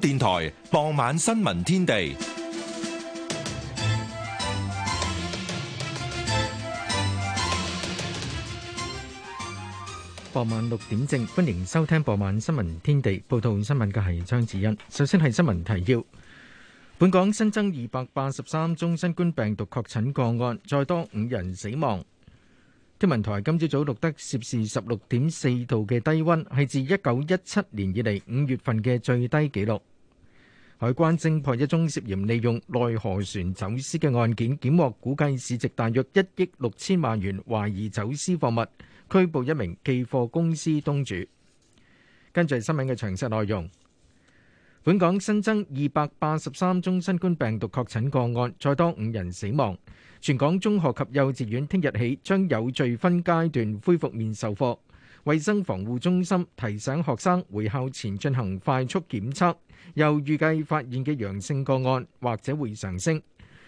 電台傍晚新聞天地，傍晚六點正，歡迎收聽傍晚新聞天地。報道新聞嘅係張子欣。首先係新聞提要：本港新增二百八十三宗新冠病毒確診個案，再多五人死亡。天文台今朝早錄得攝氏十六點四度嘅低溫，係自一九一七年以嚟五月份嘅最低紀錄。海關偵破一宗涉嫌利用內河船走私嘅案件，檢獲估計市值大約一億六千萬元懷疑走私貨物，拘捕一名寄貨公司東主。跟住係新聞嘅詳細內容。本港新增二百八十三宗新冠病毒確診個案，再多五人死亡。全港中學及幼稚園聽日起將有序分階段恢復面授課。衛生防護中心提醒學生回校前進行快速檢測，又預計發現嘅陽性個案或者會上升。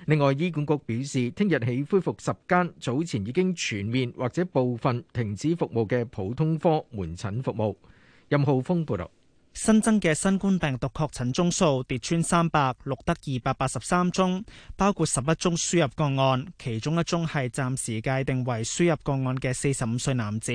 另外，醫管局表示，聽日起恢復十間早前已經全面或者部分停止服務嘅普通科門診服務。任浩峰報道。新增嘅新冠病毒確診宗數跌穿三百，錄得二百八十三宗，包括十一宗輸入個案，其中一宗係暫時界定為輸入個案嘅四十五歲男子。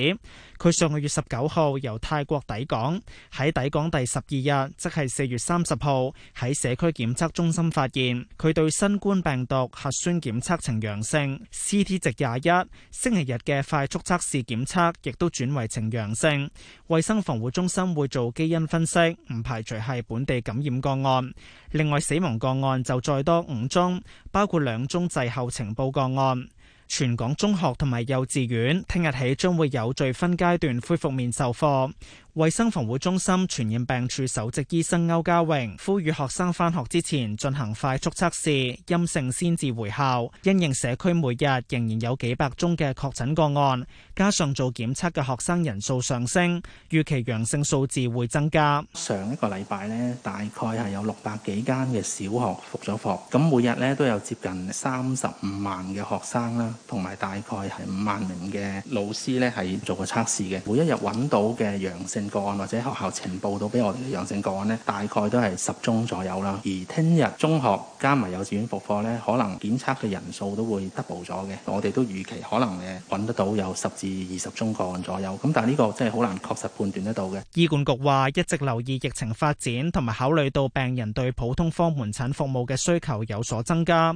佢上個月十九號由泰國抵港，喺抵港第十二日，即係四月三十號，喺社區檢測中心發現佢對新冠病毒核酸檢測呈陽性，CT 值廿一，星期日嘅快速測試檢測亦都轉為呈陽性。衛生防護中心會做基因分析。唔排除係本地感染個案，另外死亡個案就再多五宗，包括兩宗滯後呈報個案。全港中學同埋幼稚園聽日起將會有序分階段恢復面授課。衛生防護中心傳染病處首席醫生歐家榮呼籲學生返學之前進行快速測試，陰性先至回校。因應社區每日仍然有幾百宗嘅確診個案，加上做檢測嘅學生人數上升，預期陽性數字會增加。上一個禮拜呢，大概係有六百幾間嘅小學復咗課，咁每日呢，都有接近三十五萬嘅學生啦，同埋大概係五萬名嘅老師呢，係做個測試嘅，每一日揾到嘅陽性。個案或者學校呈報到俾我哋嘅陽性個案呢，大概都係十宗左右啦。而聽日中學加埋幼稚園復課呢，可能檢測嘅人數都會 double 咗嘅。我哋都預期可能誒揾得到有十至二十宗個案左右。咁但係呢個真係好難確實判斷得到嘅。醫管局話一直留意疫情發展，同埋考慮到病人對普通科門診服務嘅需求有所增加。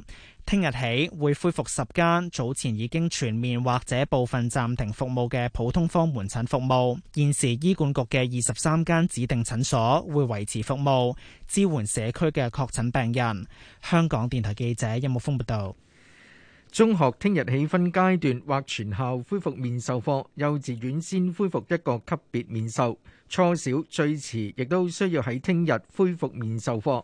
聽日起會恢復十間早前已經全面或者部分暫停服務嘅普通科門診服務。現時醫管局嘅二十三間指定診所會維持服務，支援社區嘅確診病人。香港電台記者任木峰報道。中學聽日起分階段或全校恢復面授課，幼稚園先恢復一個級別面授，初小最遲亦都需要喺聽日恢復面授課。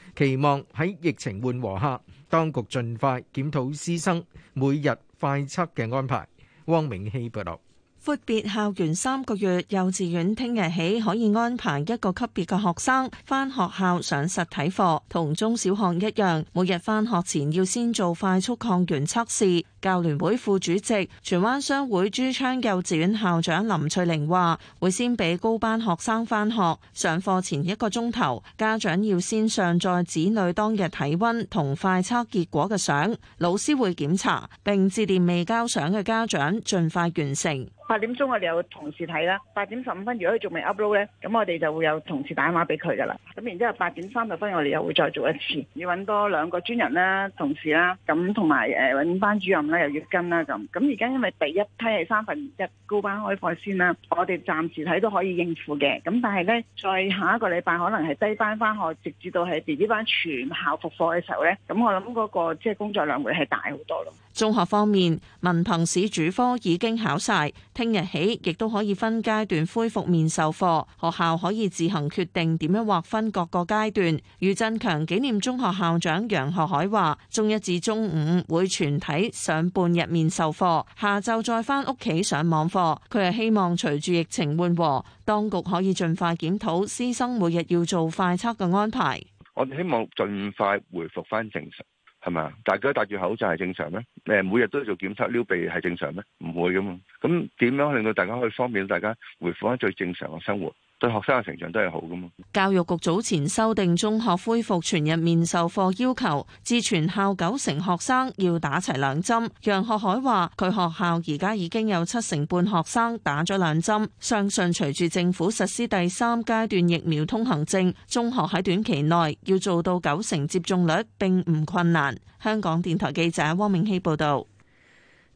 期望喺疫情緩和下，當局盡快檢討師生每日快測嘅安排。汪明希報道。闊別校園三個月，幼稚園聽日起可以安排一個級別嘅學生返學校上實體課，同中小學一樣，每日返學前要先做快速抗原測試。教聯會副主席、荃灣商會朱昌幼稚園校長林翠玲話，會先俾高班學生返學，上課前一個鐘頭，家長要先上載子女當日體溫同快測結果嘅相，老師會檢查，並致電未交相嘅家長，盡快完成。八點鐘我哋有同事睇啦，八點十五分如果佢仲未 upload 咧，咁我哋就會有同事打電話俾佢噶啦。咁然之後八點三十分我哋又會再做一次，要揾多兩個專人啦、同事啦，咁同埋誒揾班主任啦、又要跟啦咁。咁而家因為第一批係三分一高班開課先啦，我哋暫時睇都可以應付嘅。咁但係咧，再下一個禮拜可能係低班翻學，直至到係 BB 班全校復課嘅時候咧，咁我諗嗰、那個即係、就是、工作量會係大好多咯。中學方面，文憑試主科已經考晒，聽日起亦都可以分階段恢復面授課，學校可以自行決定點樣劃分各個階段。余振強紀念中學校長楊學海話，中一至中五會全體上半日面授課，下晝再翻屋企上網課。佢係希望隨住疫情緩和，當局可以盡快檢討師生每日要做快測嘅安排。我哋希望盡快回復翻正常。係咪啊？大家戴住口罩係正常咩？誒，每日都做檢測、撩鼻係正常咩？唔會噶嘛。咁點樣令到大家可以方便大家回復翻最正常嘅生活？對學生嘅成長都係好噶嘛？教育局早前修訂中學恢復全日面授課要求，至全校九成學生要打齊兩針。楊學海話：佢學校而家已經有七成半學生打咗兩針，相信隨住政府實施第三階段疫苗通行證，中學喺短期內要做到九成接種率，並唔困難。香港電台記者汪明熙報道。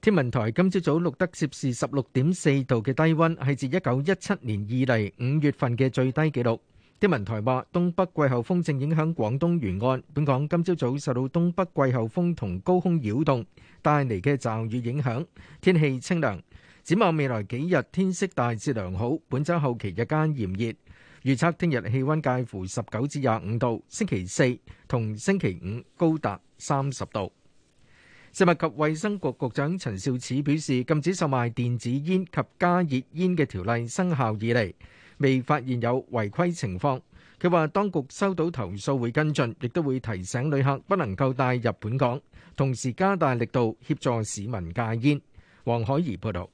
天文台今朝早錄得攝氏十六點四度嘅低溫，係自一九一七年以嚟五月份嘅最低紀錄。天文台話，東北季候風正影響廣東沿岸，本港今朝早受到東北季候風同高空擾動帶嚟嘅驟雨影響，天氣清涼。展望未來幾日天色大致良好，本周後期日間炎熱，預測聽日氣溫介乎十九至廿五度，星期四同星期五高達三十度。食物及衛生局局長陳肇始表示，禁止售賣電子煙及加熱煙嘅條例生效以嚟，未發現有違規情況。佢話，當局收到投訴會跟進，亦都會提醒旅客不能夠帶入本港，同時加大力度協助市民戒煙。黃海怡報道。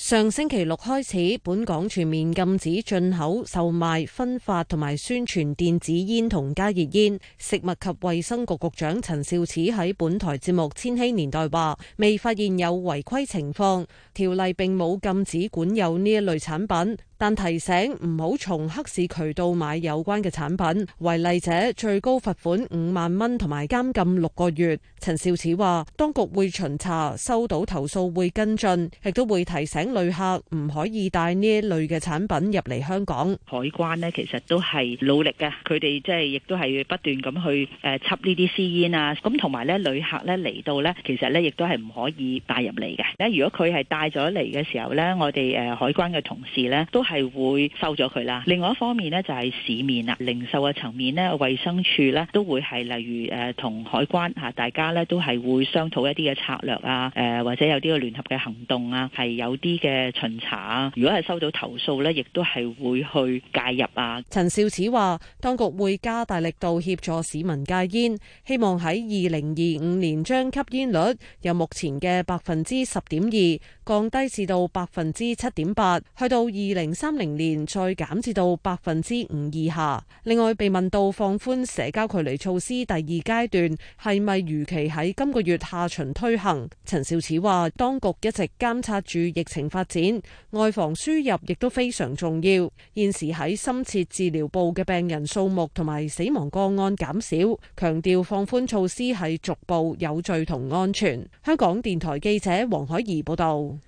上星期六開始，本港全面禁止進口、售賣、分發同埋宣傳電子煙同加熱煙。食物及衛生局局長陳肇始喺本台節目《千禧年代》話：未發現有違規情況，條例並冇禁止管有呢一類產品。但提醒唔好從黑市渠道買有關嘅產品，違例者最高罰款五萬蚊同埋監禁六個月。陳肇始話當局會巡查，收到投訴會跟進，亦都會提醒旅客唔可以帶呢一類嘅產品入嚟香港。海關呢其實都係努力嘅，佢哋即係亦都係不斷咁去誒執呢啲私煙啊，咁同埋咧旅客咧嚟到咧，其實咧亦都係唔可以帶入嚟嘅。如果佢係帶咗嚟嘅時候咧，我哋誒、呃、海關嘅同事咧都。係會收咗佢啦。另外一方面呢，就係市面啦，零售嘅層面呢，衛生署呢，都會係例如誒同、呃、海關吓，大家呢都係會商討一啲嘅策略啊，誒、呃、或者有啲嘅聯合嘅行動啊，係有啲嘅巡查啊。如果係收到投訴呢，亦都係會去介入啊。陳肇始話，當局會加大力度協助市民戒煙，希望喺二零二五年將吸煙率由目前嘅百分之十點二降低至到百分之七點八，去到二零。三零年再減至到百分之五以下。另外被問到放寬社交距離措施第二階段係咪如期喺今個月下旬推行，陳肇始話：當局一直監察住疫情發展，外防輸入亦都非常重要。現時喺深切治療部嘅病人數目同埋死亡個案減少，強調放寬措施係逐步有序同安全。香港電台記者黃海怡報道。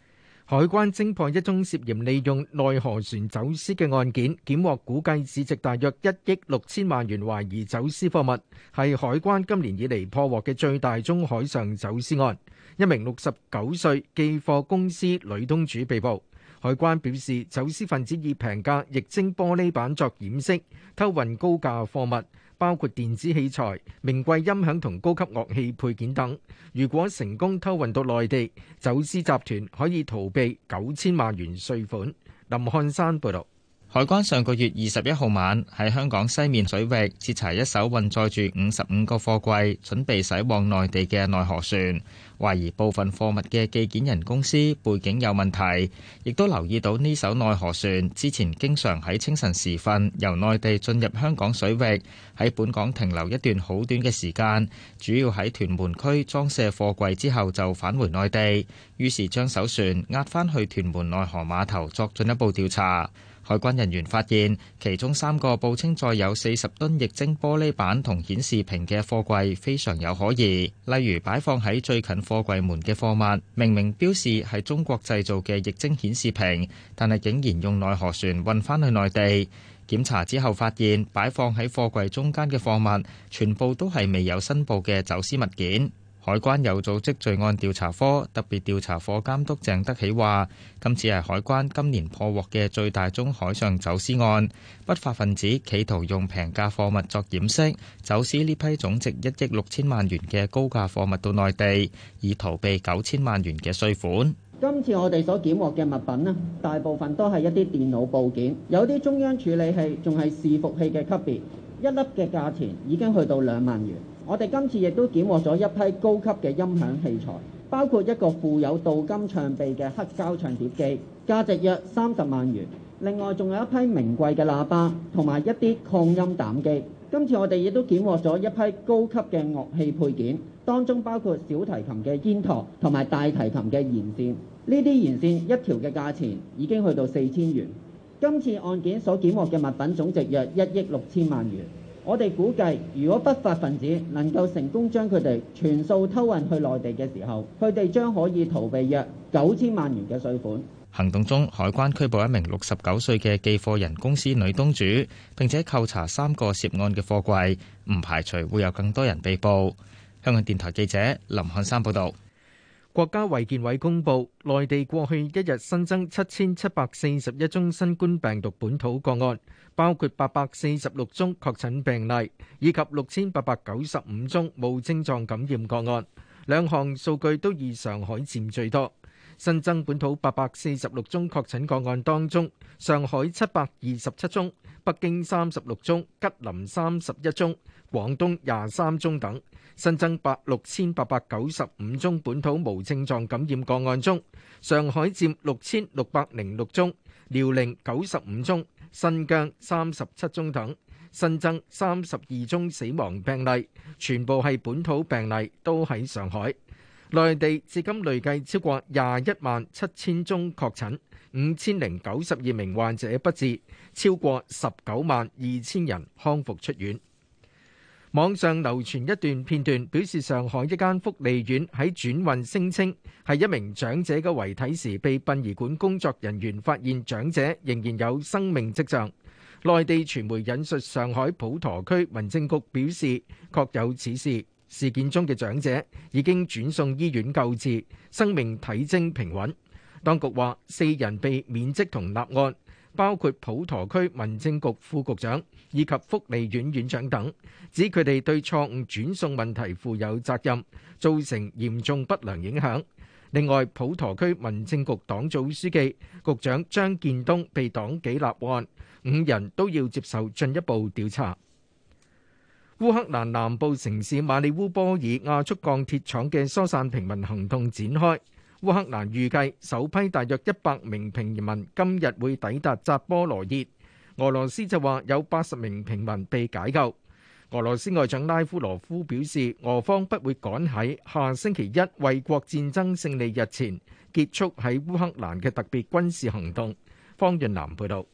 海關偵破一宗涉嫌利用內河船走私嘅案件，檢獲估計市值大約一億六千萬元，懷疑走私貨物係海關今年以嚟破獲嘅最大宗海上走私案。一名六十九歲寄貨公司女東主被捕。海關表示，走私分子以平價液晶玻璃板作掩飾，偷運高價貨物。包括電子器材、名貴音響同高級樂器配件等。如果成功偷運到內地，走私集團可以逃避九千萬元稅款。林漢山報導。海關上個月二十一號晚喺香港西面水域截查一艘運載住五十五個貨櫃，準備駛往內地嘅內河船，懷疑部分貨物嘅寄件人公司背景有問題，亦都留意到呢艘內河船之前經常喺清晨時分由內地進入香港水域，喺本港停留一段好短嘅時間，主要喺屯門區裝卸貨櫃之後就返回內地。於是將艘船押返去屯門內河碼頭作進一步調查。海關人員發現其中三個報稱載有四十噸液晶玻璃板同顯示屏嘅貨櫃非常有可疑，例如擺放喺最近貨櫃門嘅貨物，明明標示係中國製造嘅液晶顯示屏，但係竟然用內河船運翻去內地。檢查之後，發現擺放喺貨櫃中間嘅貨物全部都係未有申報嘅走私物件。海關有組織罪案調查科特別調查課監督鄭德喜話，今次係海關今年破獲嘅最大宗海上走私案。不法分子企圖用平價貨物作掩飾，走私呢批總值一億六千萬元嘅高價貨物到內地，以逃避九千萬元嘅稅款。今次我哋所檢獲嘅物品呢，大部分都係一啲電腦部件，有啲中央處理器仲係伺服器嘅級別，一粒嘅價錢已經去到兩萬元。我哋今次亦都檢獲咗一批高級嘅音響器材，包括一個富有鍍金唱臂嘅黑膠唱碟機，價值約三十萬元。另外仲有一批名貴嘅喇叭同埋一啲擴音膽機。今次我哋亦都檢獲咗一批高級嘅樂器配件，當中包括小提琴嘅肩托同埋大提琴嘅弦線。呢啲弦線一條嘅價錢已經去到四千元。今次案件所檢獲嘅物品總值約一億六千萬元。我哋估計，如果不法分子能夠成功將佢哋全數偷運去內地嘅時候，佢哋將可以逃避約九千萬元嘅稅款。行動中，海關拘捕一名六十九歲嘅寄貨人公司女東主，並且扣查三個涉案嘅貨櫃。唔排除會有更多人被捕。香港電台記者林漢山報道，國家衛健委公佈，內地過去一日新增七千七百四十一宗新冠病毒本土個案。包括八百四十六宗確診病例，以及六千八百九十五宗無症狀感染個案，兩項數據都以上海佔最多。新增本土八百四十六宗確診個案當中，上海七百二十七宗，北京三十六宗，吉林三十一宗，廣東廿三宗等。新增八六千八百九十五宗本土無症狀感染個案中，上海佔六千六百零六宗。遼寧九十五宗、新疆三十七宗等。新增三十二宗死亡病例，全部係本土病例，都喺上海。內地至今累計超過廿一萬七千宗確診，五千零九十二名患者不治，超過十九萬二千人康復出院。網上流傳一段片段，表示上海一間福利院喺轉運聲稱係一名長者嘅遺體時，被殯儀館工作人員發現長者仍然有生命跡象。內地傳媒引述上海普陀區民政局表示，確有此事。事件中嘅長者已經轉送醫院救治，生命體徵平穩。當局話四人被免職同立案。包括普陀區民政局副局長以及福利院院長等，指佢哋對錯誤轉送問題負有責任，造成嚴重不良影響。另外，普陀區民政局黨組書記、局長張建東被黨紀立案，五人都要接受進一步調查。烏克蘭南部城市馬里烏波爾亞速鋼鐵廠嘅疏散平民行動展開。烏克蘭預計首批大約一百名平民今日會抵達扎波羅熱，俄羅斯就話有八十名平民被解救。俄羅斯外長拉夫羅夫表示，俄方不會趕喺下星期一衛國戰爭勝利日前結束喺烏克蘭嘅特別軍事行動。方潤南報道，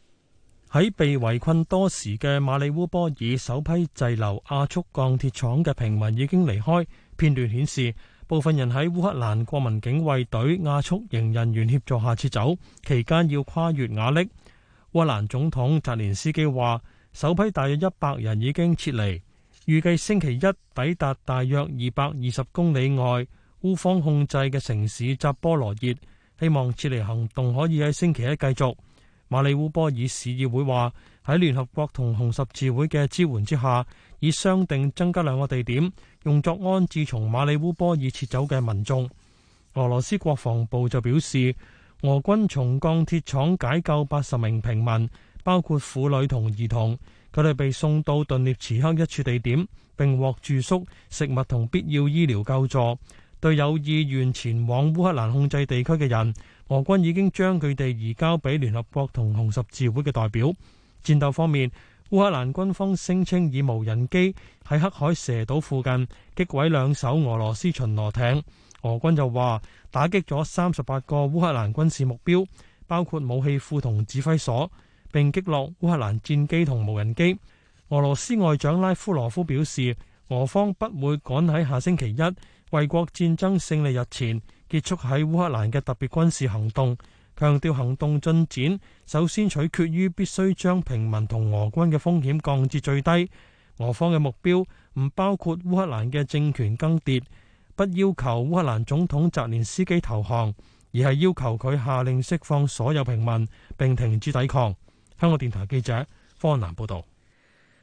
喺被圍困多時嘅馬里烏波爾，首批滯留亞速鋼鐵廠嘅平民已經離開。片段顯示。部分人喺烏克蘭國民警衛隊亞速營人員協助下撤走，期間要跨越瓦礫。烏克蘭總統澤連斯基話，首批大約一百人已經撤離，預計星期一抵達大約二百二十公里外烏方控制嘅城市扎波羅熱，希望撤離行動可以喺星期一繼續。馬里烏波爾市議會話喺聯合國同紅十字會嘅支援之下。已商定增加兩個地點，用作安置從馬里烏波爾撤走嘅民眾。俄羅斯國防部就表示，俄軍從鋼鐵廠解救八十名平民，包括婦女同兒童，佢哋被送到頓涅茨克一處地點，並獲住宿、食物同必要醫療救助。對有意願前往烏克蘭控制地區嘅人，俄軍已經將佢哋移交俾聯合國同紅十字會嘅代表。戰鬥方面。烏克蘭軍方聲稱以無人機喺黑海蛇島附近擊毀兩艘俄羅斯巡邏艇，俄軍就話打擊咗三十八個烏克蘭軍事目標，包括武器庫同指揮所，並擊落烏克蘭戰機同無人機。俄羅斯外長拉夫羅夫表示，俄方不會趕喺下星期一衛國戰爭勝利日前結束喺烏克蘭嘅特別軍事行動。強調行動進展首先取決於必須將平民同俄軍嘅風險降至最低。俄方嘅目標唔包括烏克蘭嘅政權更迭，不要求烏克蘭總統澤連斯基投降，而係要求佢下令釋放所有平民，並停止抵抗。香港電台記者方南報道。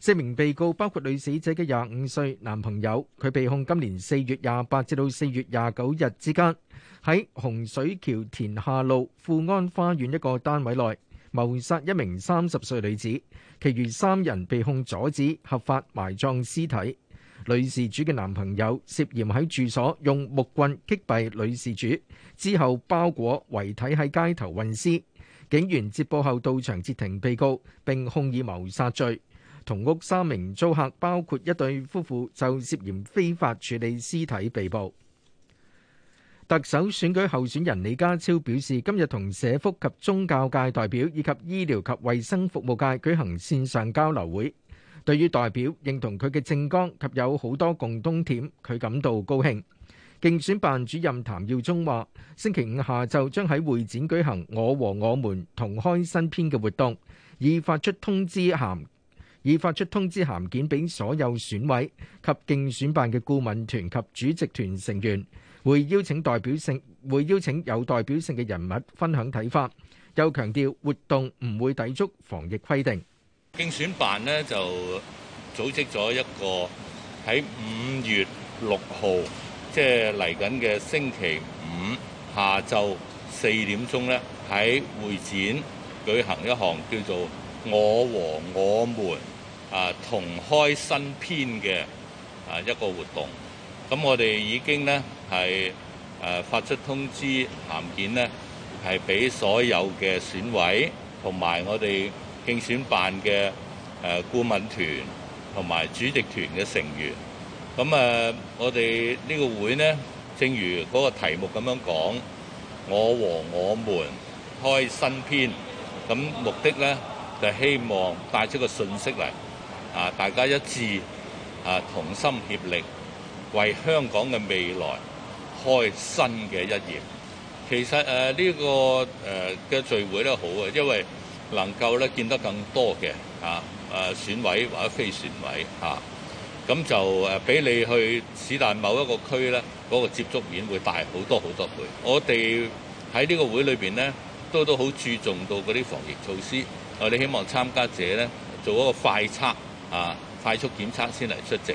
四名被告包括女死者嘅廿五歲男朋友，佢被控今年四月廿八至到四月廿九日之間喺洪水橋田下路富安花園一個單位內謀殺一名三十歲女子。其餘三人被控阻止合法埋葬屍體。女事主嘅男朋友涉嫌喺住所用木棍擊斃女事主之後，包裹遺體喺街頭運屍。警員接報後到場截停被告，並控以謀殺罪。同屋三名租客，包括一對夫婦，就涉嫌非法處理屍體被捕。特首選舉候選人李家超表示，今日同社福及宗教界代表以及醫療及衛生服務界舉行線上交流會，對於代表認同佢嘅政綱及有好多共通點，佢感到高興。競選辦主任譚耀宗話：星期五下晝將喺會展舉行《我和我們同開新篇》嘅活動，已發出通知函。已發出通知函件俾所有選委及競選辦嘅顧問團及主席團成員，會邀請代表性會邀請有代表性嘅人物分享睇法，又強調活動唔會抵觸防疫規定。競選辦呢就組織咗一個喺五月六號，即係嚟緊嘅星期五下晝四點鐘呢，喺會展舉行一項叫做《我和我們》。啊，同開新篇嘅啊一個活動，咁我哋已經呢係誒、啊、發出通知函件呢係俾所有嘅選委同埋我哋競選辦嘅誒顧問團同埋主席團嘅成員。咁誒、啊，我哋呢個會呢，正如嗰個題目咁樣講，我和我們開新篇。咁目的呢就希望帶出個訊息嚟。啊！大家一致啊，同心協力，為香港嘅未來開新嘅一頁。其實誒呢、啊這個誒嘅、呃、聚會咧好嘅，因為能夠咧見得更多嘅啊誒選委或者非選委嚇，咁、啊、就誒俾、啊、你去隨便某一個區咧，嗰個接觸面會大好多好多倍。我哋喺呢個會裏邊咧都都好注重到嗰啲防疫措施。我哋希望參加者咧做一個快測。啊！快速檢測先嚟出席，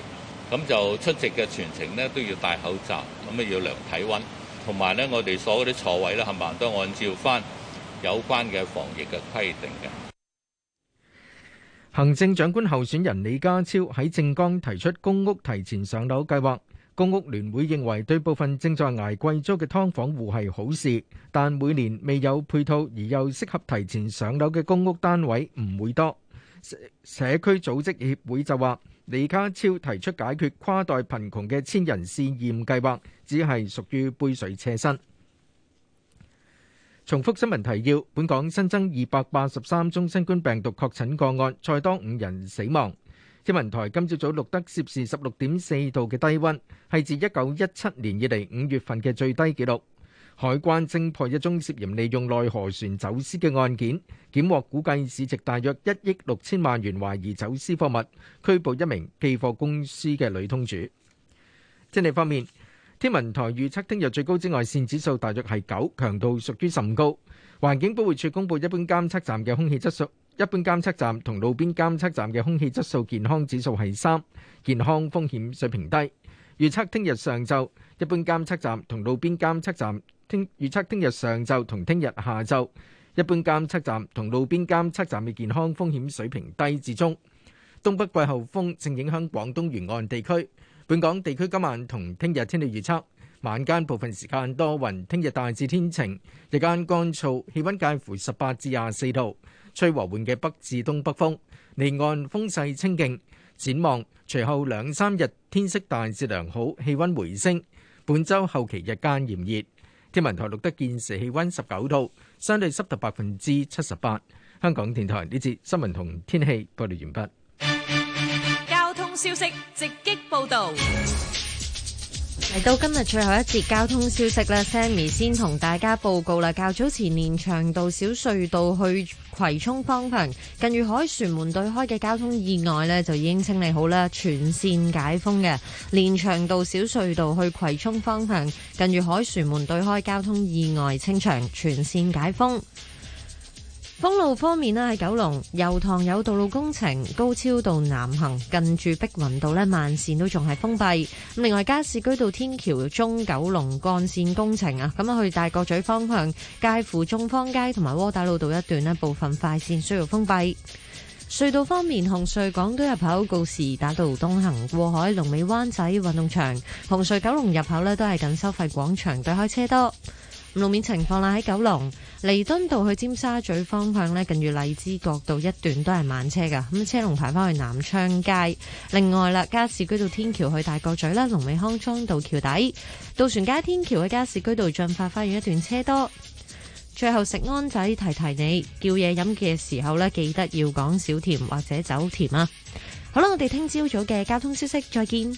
咁就出席嘅全程呢都要戴口罩，咁啊要量體温，同埋呢我哋所有啲座位呢，係咪都按照返有關嘅防疫嘅規定嘅？行政長官候選人李家超喺政綱提出公屋提前上樓計劃，公屋聯會認為對部分正在捱貴租嘅劏房戶係好事，但每年未有配套而又適合提前上樓嘅公屋單位唔會多。社區組織協會就話，李家超提出解決跨代貧窮嘅千人試驗計劃，只係屬於杯水車薪。重複新聞提要：本港新增二百八十三宗新冠病毒確診個案，再多五人死亡。天文台今朝早錄得攝氏十六點四度嘅低温，係自一九一七年以嚟五月份嘅最低紀錄。海關偵破一宗涉嫌利用內河船走私嘅案件，檢獲估計市值大約一億六千萬元懷疑走私貨物，拘捕一名寄貨公司嘅女通主。精力方面，天文台預測聽日最高紫外線指數大約係九，強度屬於甚高。環境保護署公布一般監測站嘅空氣質素，一般監測站同路邊監測站嘅空氣質素健康指數係三，健康風險水平低。預測聽日上晝一般監測站同路邊監測站。聽預測，聽日上晝同聽日下晝，一般監測站同路邊監測站嘅健康風險水平低至中。東北季候風正影響廣東沿岸地區，本港地區今晚同聽日天氣預測，晚間部分時間多雲，聽日大致天晴，日間乾燥，氣温介乎十八至廿四度，吹和緩嘅北至東北風，離岸風勢清勁。展望隨後兩三日天色大致良好，氣温回升，本週後期日間炎熱。天文台錄得見時氣溫十九度，相對濕度百分之七十八。香港電台呢節新聞同天氣報道完畢。交通消息直擊報道。嚟到今日最後一節交通消息咧，Sammy 先同大家報告啦。較早前連長道小隧道去葵涌方向，近住凱旋門對開嘅交通意外呢就已經清理好啦，全線解封嘅。連長道小隧道去葵涌方向，近住凱旋門對開交通意外清場，全線解封。公路方面咧喺九龍油塘有道路工程，高超道南行近住碧雲道咧慢綫都仲係封閉。另外加士居道天橋中九龍幹綫工程啊，咁啊去大角咀方向介乎中方街同埋窩打老道一段咧部分快綫需要封閉。隧道方面，紅隧港島入口告士打道東行過海龍尾灣仔運動場，紅隧九龍入口咧都係近收費廣場對開車多。路面情況啦喺九龍。彌敦道去尖沙咀方向咧，近住荔枝角道一段都係慢車噶，咁車龍排返去南昌街。另外啦，加士居道天橋去大角咀啦，龍尾康莊道橋底，渡船街天橋嘅加士居道進發花園一段車多。最後食安仔提提你，叫嘢飲嘅時候咧，記得要講少甜或者走甜啊。好啦，我哋聽朝早嘅交通消息，再見。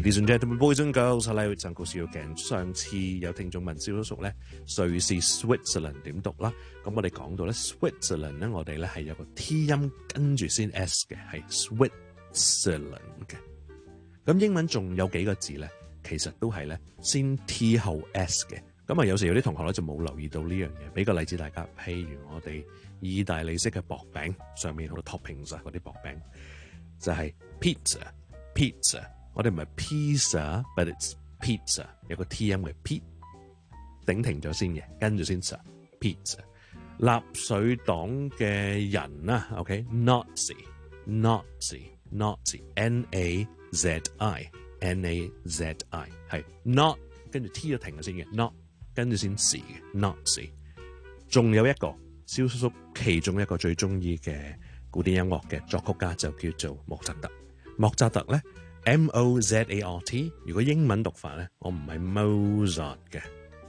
Girls, hello, s s 上次有聽眾問焦叔叔咧，瑞士 Switzerland 點讀啦？咁我哋講到咧，Switzerland 咧，我哋咧係有個 T 音跟住先 S 嘅，係 Switzerland 嘅。咁英文仲有幾個字咧，其實都係咧先 T 後 S 嘅。咁啊，有時有啲同學咧就冇留意到呢樣嘢。俾個例子大家，譬如我哋意大利式嘅薄餅上面好多 topping 嘅，啊、嗰啲薄餅，就係、是、pizza pizza。我哋唔係 pizza，but it's pizza 有個 T 音，嘅 P 頂停咗先嘅，跟住先 sa pizza。納粹黨嘅人啊，OK Nazi Nazi Nazi N A Z I N A Z I 係 not 跟住 T 就停咗先嘅，not 跟住先 C Nazi。仲有一個蕭叔叔其中一個最中意嘅古典音樂嘅作曲家，就叫做莫扎特。莫扎特咧。M O Z A R T，如果英文讀法咧，我唔係 Mozart 嘅，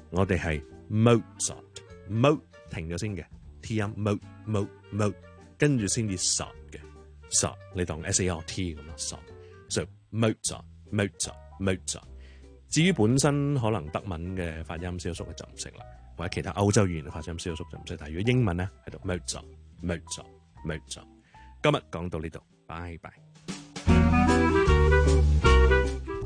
我哋係 Mozart，M 停咗先嘅 T 音，M M M 跟住先至 S 嘅 S，你當 S A R T 咁啦。So Mozart，Mozart，Mozart。至於本身可能德文嘅發音消縮就唔識啦，或者其他歐洲語言嘅發音消縮就唔識。但係如果英文咧係讀 Mozart，Mozart，Mozart。今日講到呢度，拜拜。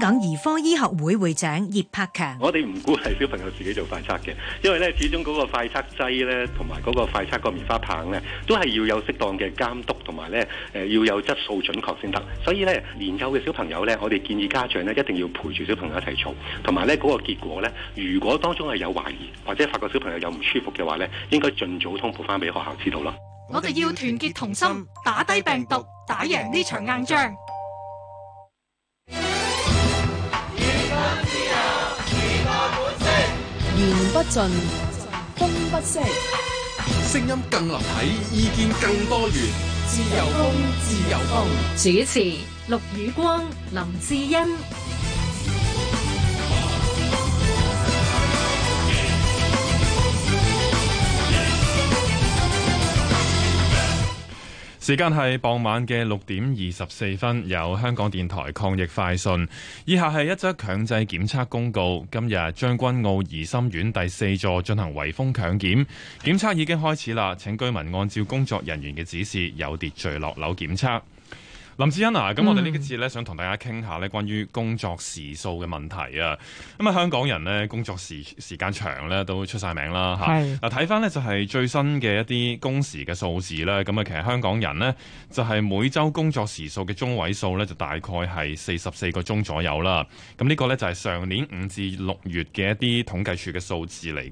港兒科醫學會會長葉柏強，我哋唔鼓勵小朋友自己做快測嘅，因為咧始終嗰個快測劑咧，同埋嗰個快測個棉花棒咧，都係要有適當嘅監督，同埋咧誒要有質素準確先得。所以咧年幼嘅小朋友咧，我哋建議家長咧一定要陪住小朋友一齊做，同埋咧嗰個結果咧，如果當中係有懷疑或者發覺小朋友有唔舒服嘅話咧，應該盡早通報翻俾學校知道咯。我哋要團結同心，打低病毒，打贏呢場硬仗。言不盡，風不息。聲音更立體，意見更多元。自由風，自由風。主持：陸雨光、林志恩。時間係傍晚嘅六點二十四分，有香港電台抗疫快訊。以下係一則強制檢測公告。今日將軍澳怡心苑第四座進行圍封強檢，檢測已經開始啦，請居民按照工作人員嘅指示有秩序落樓檢測。林志恩啊，咁我哋呢一節咧，想同大家傾下咧關於工作時數嘅問題啊。咁啊，香港人咧工作時時間長咧都出晒名啦吓。嗱是，睇翻咧就係、是、最新嘅一啲工時嘅數字啦。咁啊，其實香港人咧就係、是、每周工作時數嘅中位數咧，就大概係四十四個鐘左右啦。咁呢個咧就係、是、上年五至六月嘅一啲統計處嘅數字嚟。